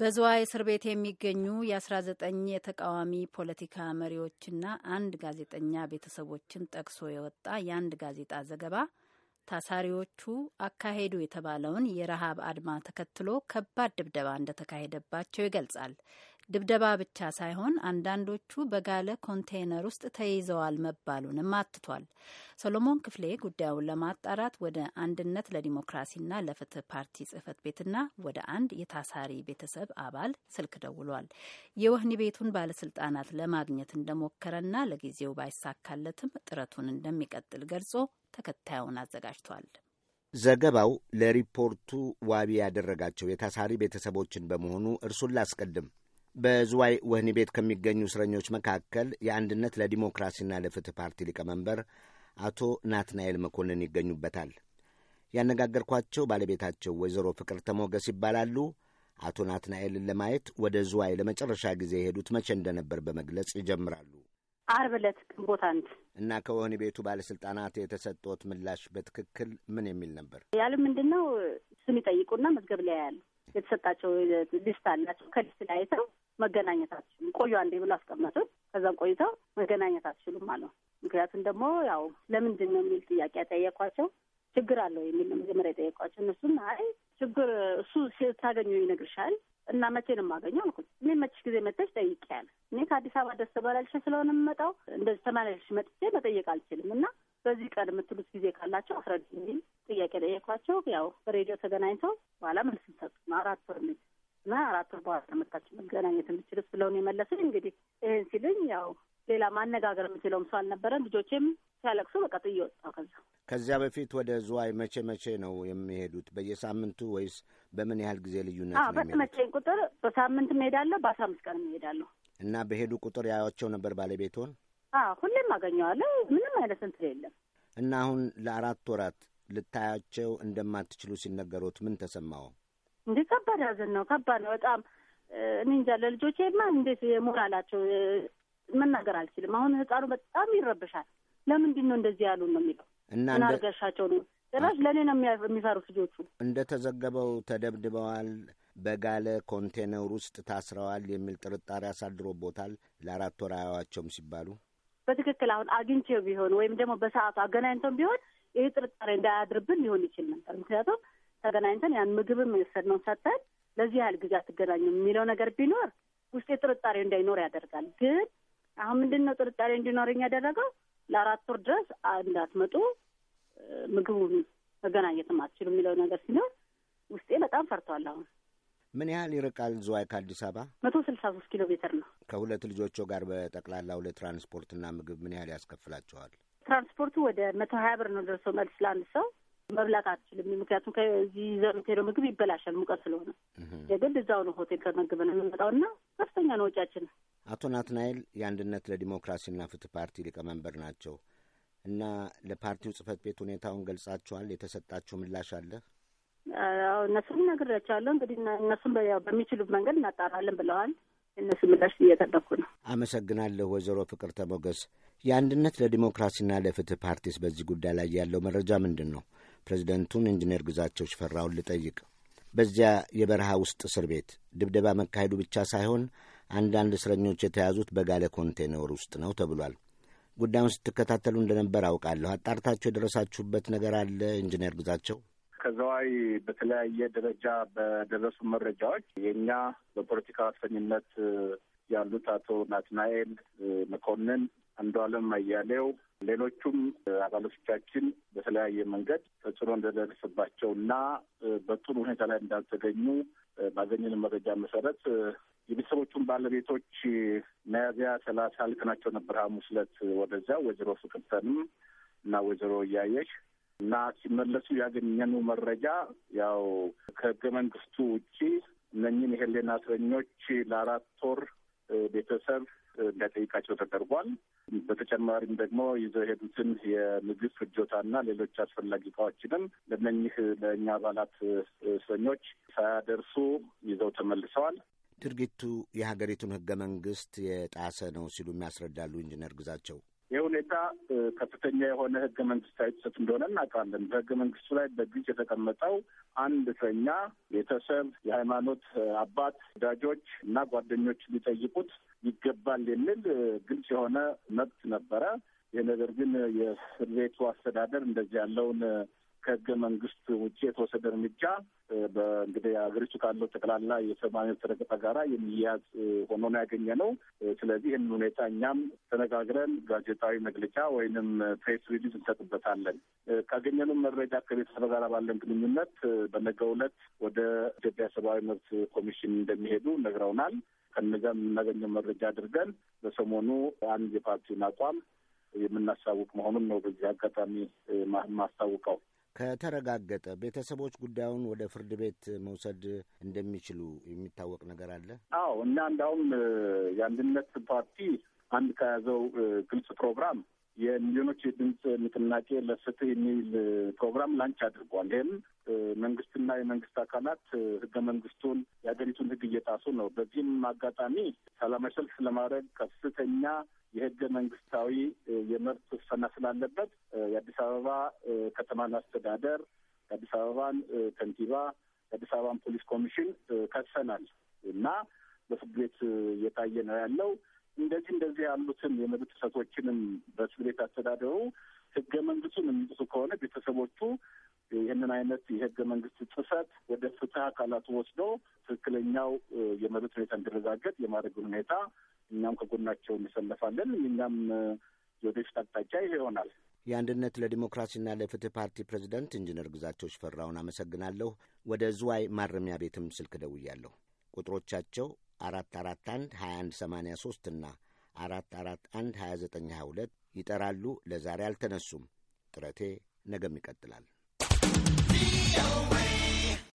በዝዋይ እስር ቤት የሚገኙ የ19 የተቃዋሚ ፖለቲካ መሪዎችና አንድ ጋዜጠኛ ቤተሰቦችን ጠቅሶ የወጣ የአንድ ጋዜጣ ዘገባ ታሳሪዎቹ አካሄዱ የተባለውን የረሃብ አድማ ተከትሎ ከባድ ድብደባ እንደተካሄደባቸው ይገልጻል። ድብደባ ብቻ ሳይሆን አንዳንዶቹ በጋለ ኮንቴይነር ውስጥ ተይዘዋል መባሉንም አትቷል። ሰሎሞን ክፍሌ ጉዳዩን ለማጣራት ወደ አንድነት ለዲሞክራሲና ለፍትህ ፓርቲ ጽህፈት ቤትና ወደ አንድ የታሳሪ ቤተሰብ አባል ስልክ ደውሏል። የወህኒ ቤቱን ባለስልጣናት ለማግኘት እንደሞከረና ለጊዜው ባይሳካለትም ጥረቱን እንደሚቀጥል ገልጾ ተከታዩን አዘጋጅቷል። ዘገባው ለሪፖርቱ ዋቢ ያደረጋቸው የታሳሪ ቤተሰቦችን በመሆኑ እርሱን ላስቀድም። በዝዋይ ወህኒ ቤት ከሚገኙ እስረኞች መካከል የአንድነት ለዲሞክራሲና ለፍትህ ፓርቲ ሊቀመንበር አቶ ናትናኤል መኮንን ይገኙበታል። ያነጋገርኳቸው ባለቤታቸው ወይዘሮ ፍቅር ተሞገስ ይባላሉ። አቶ ናትናኤልን ለማየት ወደ ዝዋይ ለመጨረሻ ጊዜ የሄዱት መቼ እንደነበር በመግለጽ ይጀምራሉ። አርብ ዕለት ግንቦት አንድ እና ከወህኒ ቤቱ ባለስልጣናት የተሰጠት ምላሽ በትክክል ምን የሚል ነበር? ያለ ምንድን ነው ስም ይጠይቁና መዝገብ ላይ ያሉ የተሰጣቸው ሊስት አላቸው። ከሊስት ላይ አይተው መገናኘት አትችሉም፣ ቆዩ አንዴ ብሎ አስቀመጡት። ከዛም ቆይተው መገናኘት አትችሉም አለው። ምክንያቱም ደግሞ ያው ለምንድን ነው የሚል ጥያቄ ያጠየኳቸው ችግር አለው የሚል ነው መጀመሪያ የጠየኳቸው። እነሱም አይ ችግር እሱ ስታገኙ ይነግርሻል እና መቼ ነው የማገኘው አልኩት። እኔ መችሽ ጊዜ መጥተሽ ጠይቂያለሁ። እኔ ከአዲስ አበባ ደስ በላልሽ ስለሆነ የምመጣው እንደዚህ ተመላለሽ መጥቼ መጠየቅ አልችልም እና በዚህ ቀን የምትሉት ጊዜ ካላቸው አስረዱ የሚል ጥያቄ ጠየኳቸው። ያው በሬዲዮ ተገናኝተው በኋላ መልስ ሰጡ። አራት ወር እና አራት ወር በኋላ ተመጣች መገናኘት የምችልስ ብለውን የመለስን እንግዲህ ይህን ሲልኝ ያው ሌላ ማነጋገር የምችለውም ሰው አልነበረን። ልጆቼም ሲያለቅሱ በቃ ጥዬ ወጣሁ። ከዛ ከዚያ በፊት ወደ ዝዋይ መቼ መቼ ነው የሚሄዱት? በየሳምንቱ ወይስ በምን ያህል ጊዜ ልዩነት ነው? ቁጥር በሳምንት እሄዳለሁ፣ በአስራ አምስት ቀን እሄዳለሁ። እና በሄዱ ቁጥር ያያቸው ነበር ባለቤትዎን? ሁሌም አገኘዋለሁ። ምንም አይነት እንትን የለም። እና አሁን ለአራት ወራት ልታያቸው እንደማትችሉ ሲነገሩት ምን ተሰማው? እንዴ ከባድ ሀዘን ነው። ከባድ ነው በጣም እኔ እንጃ። ማ እንዴት የሞራላቸው መናገር አልችልም። አሁን ህፃኑ በጣም ይረብሻል። ለምንድን ነው እንደዚህ ያሉ ነው የሚለው። ምን አድርገሻቸው ነው? ጭራሽ ለእኔ ነው የሚፈሩት ልጆቹ። እንደተዘገበው ተደብድበዋል፣ በጋለ ኮንቴነር ውስጥ ታስረዋል የሚል ጥርጣሬ አሳድሮቦታል። ለአራት ወር አያዋቸውም ሲባሉ በትክክል አሁን አግኝቼው ቢሆን ወይም ደግሞ በሰዓቱ አገናኝተው ቢሆን ይህ ጥርጣሬ እንዳያድርብን ሊሆን ይችል ነበር ምክንያቱም ተገናኝተን ያን ምግብም የወሰድነው ሰጠን ለዚህ ያህል ጊዜ አትገናኙ የሚለው ነገር ቢኖር ውስጤ ጥርጣሬ እንዳይኖር ያደርጋል። ግን አሁን ምንድን ነው ጥርጣሬ እንዲኖረኝ ያደረገው? ለአራት ወር ድረስ እንዳትመጡ ምግቡን መገናኘትም አትችሉ የሚለው ነገር ሲኖር ውስጤ በጣም ፈርቷል። አሁን ምን ያህል ይርቃል ዝዋይ ከአዲስ አበባ? መቶ ስልሳ ሶስት ኪሎ ሜትር ነው። ከሁለት ልጆቹ ጋር በጠቅላላው ለትራንስፖርትና ምግብ ምን ያህል ያስከፍላቸዋል? ትራንስፖርቱ ወደ መቶ ሀያ ብር ነው ደርሶ መልስ ለአንድ ሰው መብላት አትችልም። ምክንያቱም ከዚህ ይዘን የምትሄደው ምግብ ይበላሻል ሙቀት ስለሆነ። የግድ እዛው ነው ሆቴል የምንመጣው እና ከፍተኛ ነው ወጪያችን። አቶ ናትናኤል የአንድነት ለዲሞክራሲና ፍትህ ፓርቲ ሊቀመንበር ናቸው እና ለፓርቲው ጽህፈት ቤት ሁኔታውን ገልጻችኋል? የተሰጣችሁ ምላሽ አለ? እነሱም እነግራቸዋለሁ። እንግዲህ እነሱም በሚችሉት መንገድ እናጣራለን ብለዋል። እነሱ ምላሽ እየጠበኩ ነው። አመሰግናለሁ። ወይዘሮ ፍቅር ተሞገስ የአንድነት ለዲሞክራሲና ለፍትህ ፓርቲስ በዚህ ጉዳይ ላይ ያለው መረጃ ምንድን ነው? ፕሬዚደንቱን ኢንጂነር ግዛቸው ሽፈራውን ልጠይቅ። በዚያ የበረሃ ውስጥ እስር ቤት ድብደባ መካሄዱ ብቻ ሳይሆን አንዳንድ እስረኞች የተያዙት በጋለ ኮንቴነር ውስጥ ነው ተብሏል። ጉዳዩን ስትከታተሉ እንደነበር አውቃለሁ። አጣርታችሁ የደረሳችሁበት ነገር አለ ኢንጂነር ግዛቸው? ከዘዋይ በተለያየ ደረጃ በደረሱ መረጃዎች የእኛ በፖለቲካ እስረኝነት ያሉት አቶ ናትናኤል መኮንን አንዱ አለም አያሌው፣ ሌሎቹም አባሎቻችን በተለያየ መንገድ ተጽዕኖ እንደደረሰባቸው እና በጥሩ ሁኔታ ላይ እንዳልተገኙ ባገኘን መረጃ መሰረት የቤተሰቦቹን ባለቤቶች መያዝያ ሰላሳ ልከናቸው ነበር ሐሙስ ዕለት ወደዚያ ወይዘሮ ፍቅርተንም እና ወይዘሮ እያየሽ እና ሲመለሱ ያገኘኑ መረጃ ያው ከህገ መንግስቱ ውጪ እነኝን የህሊና እስረኞች ለአራት ወር ቤተሰብ እንዲያጠይቃቸው ተደርጓል። በተጨማሪም ደግሞ ይዘው የሄዱትን የምግብ ፍጆታና ሌሎች አስፈላጊ እቃዎችንም ለነኝህ ለእኛ አባላት እስረኞች ሳያደርሱ ይዘው ተመልሰዋል። ድርጊቱ የሀገሪቱን ህገ መንግስት የጣሰ ነው ሲሉ የሚያስረዳሉ ኢንጂነር ግዛቸው ይህ ሁኔታ ከፍተኛ የሆነ ህገ መንግስታዊ ጥሰት እንደሆነ እናውቃለን። በህገ መንግስቱ ላይ በግልጽ የተቀመጠው አንድ እስረኛ ቤተሰብ፣ የሃይማኖት አባት፣ ወዳጆች እና ጓደኞች ሊጠይቁት ይገባል የሚል ግልጽ የሆነ መብት ነበረ። ይህ ነገር ግን የእስር ቤቱ አስተዳደር እንደዚህ ያለውን ከህገ መንግስት ውጭ የተወሰደ እርምጃ በእንግዲህ ሀገሪቱ ካለው ጠቅላላ የሰብአዊ መብት ረገጣ ጋራ የሚያያዝ ሆኖ ነው ያገኘ ነው። ስለዚህ ይህን ሁኔታ እኛም ተነጋግረን ጋዜጣዊ መግለጫ ወይንም ፕሬስ ሪሊዝ እንሰጥበታለን። ካገኘንም መረጃ ከቤተሰብ ጋር ባለን ግንኙነት በነገ ዕለት ወደ ኢትዮጵያ ሰብአዊ መብት ኮሚሽን እንደሚሄዱ ነግረውናል። ከነዚያም የምናገኘው መረጃ አድርገን በሰሞኑ አንድ የፓርቲውን አቋም የምናሳውቅ መሆኑን ነው በዚህ አጋጣሚ ማስታውቀው። ከተረጋገጠ ቤተሰቦች ጉዳዩን ወደ ፍርድ ቤት መውሰድ እንደሚችሉ የሚታወቅ ነገር አለ። አዎ እና እንዳውም የአንድነት ፓርቲ አንድ ከያዘው ግልጽ ፕሮግራም የሚሊዮኖች የድምፅ ንቅናቄ ለፍትህ የሚል ፕሮግራም ላንች አድርጓል። ይህም መንግስትና የመንግስት አካላት ህገ መንግስቱን የሀገሪቱን ህግ እየጣሱ ነው። በዚህም አጋጣሚ ሰላማዊ ሰልፍ ለማድረግ ከፍተኛ የህገ መንግስታዊ የመብት ውሳና ስላለበት የአዲስ አበባ ከተማን አስተዳደር፣ የአዲስ አበባን ከንቲባ፣ የአዲስ አበባን ፖሊስ ኮሚሽን ከሰናል እና በፍርድ ቤት እየታየ ነው ያለው። እንደዚህ እንደዚህ ያሉትን የመብት ጥሰቶችንም በእስር ቤት አስተዳደሩ ህገ መንግስቱን የሚጥሱ ከሆነ ቤተሰቦቹ ይህንን አይነት የህገ መንግስት ጥሰት ወደ ፍትህ አካላት ወስዶ ትክክለኛው የመብት ሁኔታ እንዲረጋገጥ የማድረግ ሁኔታ እኛም ከጎናቸው እንሰለፋለን። እኛም የወደፊት አቅጣጫ ይሄ ይሆናል። የአንድነት ለዲሞክራሲና ለፍትህ ፓርቲ ፕሬዚደንት ኢንጂነር ግዛቸው ሽፈራውን አመሰግናለሁ። ወደ ዝዋይ ማረሚያ ቤትም ስልክ ደውያለሁ። ቁጥሮቻቸው አራት አራት አንድ ሀያ አንድ ሶስት እና አራት አራት አንድ ሀያ ዘጠኝ ሀያ ሁለት ይጠራሉ። ለዛሬ አልተነሱም። ጥረቴ ነገም ይቀጥላል።